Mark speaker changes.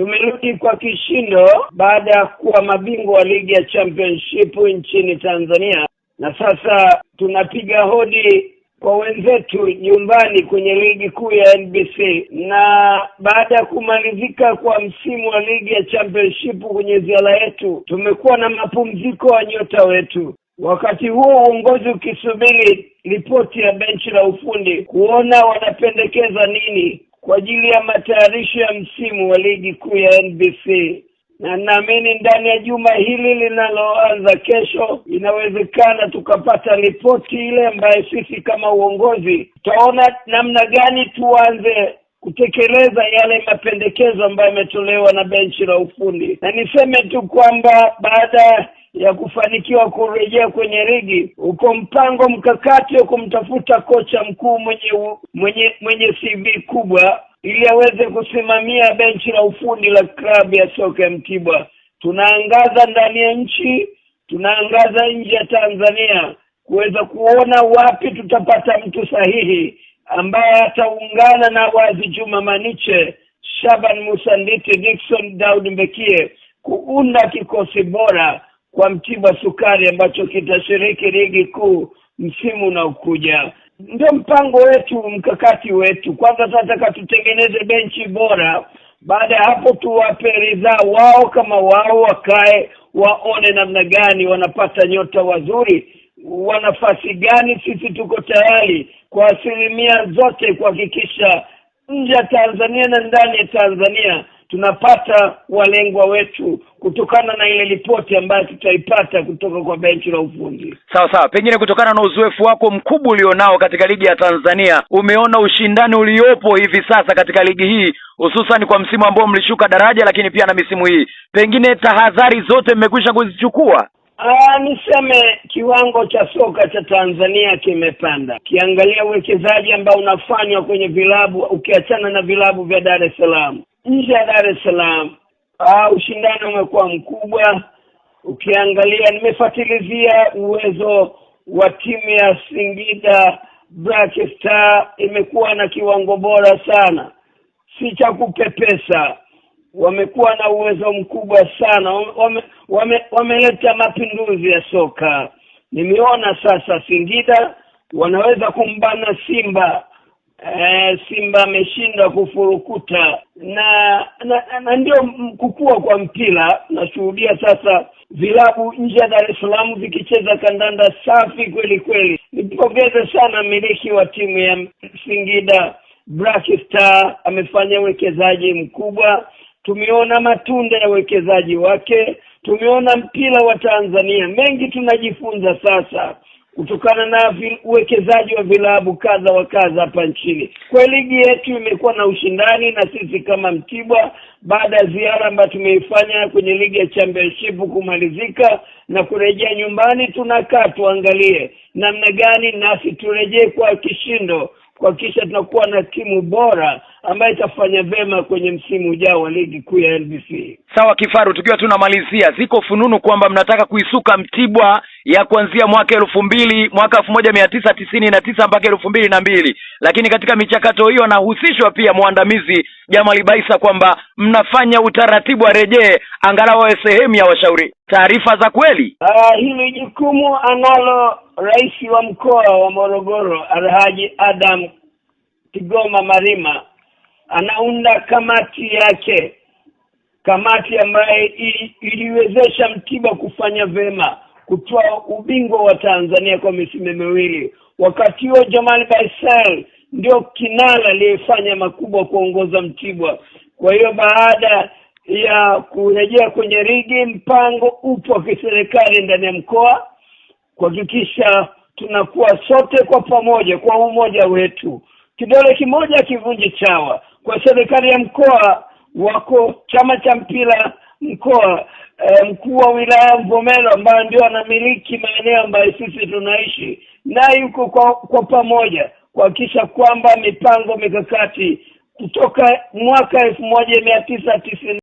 Speaker 1: Tumerudi kwa kishindo baada ya kuwa mabingwa wa ligi ya championship nchini Tanzania na sasa tunapiga hodi kwa wenzetu nyumbani kwenye ligi kuu ya NBC na baada ya kumalizika kwa msimu wa ligi ya championship kwenye ziara yetu tumekuwa na mapumziko ya nyota wetu wakati huo uongozi ukisubiri ripoti ya benchi la ufundi kuona wanapendekeza nini kwa ajili ya matayarisho ya msimu wa ligi kuu ya NBC na naamini ndani ya juma hili linaloanza kesho inawezekana tukapata ripoti ile ambayo sisi kama uongozi tutaona namna gani tuanze kutekeleza yale mapendekezo ambayo yametolewa na benchi la ufundi na niseme tu kwamba baada ya kufanikiwa kurejea kwenye ligi uko mpango mkakati wa kumtafuta kocha mkuu mwenye mwenye mwenye CV kubwa ili aweze kusimamia benchi la ufundi la klabu ya soka ya Mtibwa. Tunaangaza ndani ya nchi, tunaangaza nje ya Tanzania kuweza kuona wapi tutapata mtu sahihi ambaye ataungana na Wazi Juma Maniche, Shaban Musanditi, Dickson Daud Mbekie kuunda kikosi bora kwa mtiba sukari ambacho kitashiriki ligi kuu msimu unaokuja ndio mpango wetu mkakati wetu kwanza tunataka tutengeneze benchi bora baada ya hapo tuwape ridhaa wao kama wao wakae waone namna gani wanapata nyota wazuri wa nafasi gani sisi tuko tayari kwa asilimia zote kuhakikisha nje ya Tanzania na ndani ya Tanzania tunapata walengwa wetu kutokana na ile ripoti ambayo tutaipata kutoka kwa benchi la ufundi.
Speaker 2: Sawa sawa, pengine kutokana na uzoefu wako mkubwa ulionao katika ligi ya Tanzania, umeona ushindani uliopo hivi sasa katika ligi hii, hususan kwa msimu ambao mlishuka daraja, lakini pia na misimu hii, pengine tahadhari zote mmekwisha kuzichukua?
Speaker 1: Aa, ah, niseme kiwango cha soka cha Tanzania kimepanda. Ukiangalia uwekezaji ambao unafanywa kwenye vilabu, ukiachana na vilabu vya Dar es Salaam, nje ya Dar es Salaam uh, ushindani umekuwa mkubwa ukiangalia nimefuatilizia uwezo wa timu ya Singida Black Star imekuwa na kiwango bora sana si cha kupepesa wamekuwa na uwezo mkubwa sana wameleta wame, wame, wame mapinduzi ya soka nimeona sasa Singida wanaweza kumbana Simba e, Simba ameshindwa kufurukuta na na, na, na ndio kukua kwa mpira nashuhudia sasa vilabu nje ya Dar es Salaam vikicheza kandanda safi kweli kweli nipongeze sana mmiliki wa timu ya Singida Black Star amefanya uwekezaji mkubwa tumeona matunda ya uwekezaji wake tumeona mpira wa Tanzania mengi tunajifunza sasa kutokana na uwekezaji wa vilabu kadha wa kadha hapa nchini. Kwa ligi yetu imekuwa na ushindani na sisi kama Mtibwa baada ya ziara ambayo tumeifanya kwenye ligi ya championship kumalizika na kurejea nyumbani, tunakaa tuangalie namna gani nasi turejee kwa kishindo kuhakikisha tunakuwa na timu bora ambayo itafanya vema kwenye msimu ujao wa ligi kuu ya NBC.
Speaker 2: Sawa Kifaru, tukiwa tunamalizia, ziko fununu kwamba mnataka kuisuka Mtibwa ya kuanzia mwaka elfu mbili mwaka elfu moja mia tisa tisini na tisa mpaka elfu mbili na mbili lakini katika michakato hiyo anahusishwa pia mwandamizi Jamali Baisa kwamba mnafanya utaratibu arejee angalau awe sehemu ya washauri. Taarifa za kweli.
Speaker 1: Uh, hili jukumu analo rais wa mkoa wa Morogoro Alhaji Adam Kigoma Marima, anaunda kamati yake, kamati ambayo iliwezesha Mtiba kufanya vema kutoa ubingwa wa Tanzania kwa misimu miwili wakati huo Jamal Baisal ndio kinara aliyefanya makubwa kuongoza Mtibwa kwa hiyo baada ya kurejea kwenye ligi mpango upo wa kiserikali ndani ya mkoa kuhakikisha tunakuwa sote kwa pamoja kwa umoja wetu kidole kimoja kivunji chawa kwa serikali ya mkoa wako chama cha mpira mkoa Eh, mkuu wa wilaya Mvomero ambaye ndio anamiliki maeneo ambayo sisi tunaishi naye yuko kwa, kwa pamoja kuhakikisha kwamba mipango mikakati kutoka mwaka elfu moja mia tisa tisini